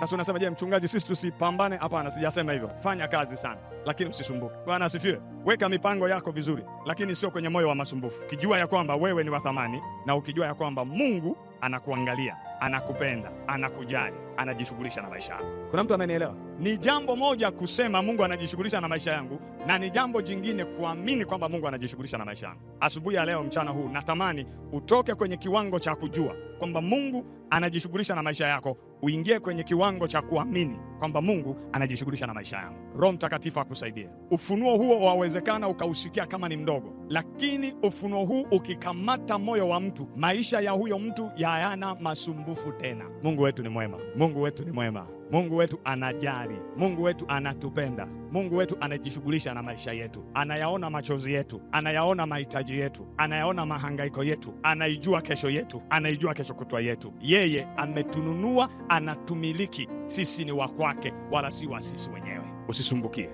Sasa unasema je, mchungaji, sisi tusipambane? Hapana, sijasema hivyo. Fanya kazi sana, lakini usisumbuke. Bwana asifiwe. Weka mipango yako vizuri, lakini sio kwenye moyo wa masumbufu, ukijua ya kwamba wewe ni wa thamani na ukijua ya kwamba Mungu anakuangalia, anakupenda, anakujali anajishughulisha na maisha yako. Kuna mtu amenielewa? Ni jambo moja kusema Mungu anajishughulisha na maisha yangu, na ni jambo jingine kuamini kwamba Mungu anajishughulisha na maisha yangu. Asubuhi ya leo, mchana huu, natamani utoke kwenye kiwango cha kujua kwamba Mungu anajishughulisha na maisha yako, uingie kwenye kiwango cha kuamini kwamba Mungu anajishughulisha na maisha yangu. Roho Mtakatifu akusaidie. Ufunuo huo wawezekana ukausikia kama ni mdogo, lakini ufunuo huu ukikamata moyo wa mtu, maisha ya huyo mtu yayana masumbufu tena. Mungu wetu ni mwema. Mungu Mungu wetu ni mwema, Mungu wetu anajali, Mungu wetu anatupenda, Mungu wetu anajishughulisha na maisha yetu, anayaona machozi yetu, anayaona mahitaji yetu, anayaona mahangaiko yetu, anaijua kesho yetu, anaijua kesho kutwa yetu. Yeye ametununua, anatumiliki. Sisi ni wa kwake, wala si wa sisi wenyewe. Usisumbukie.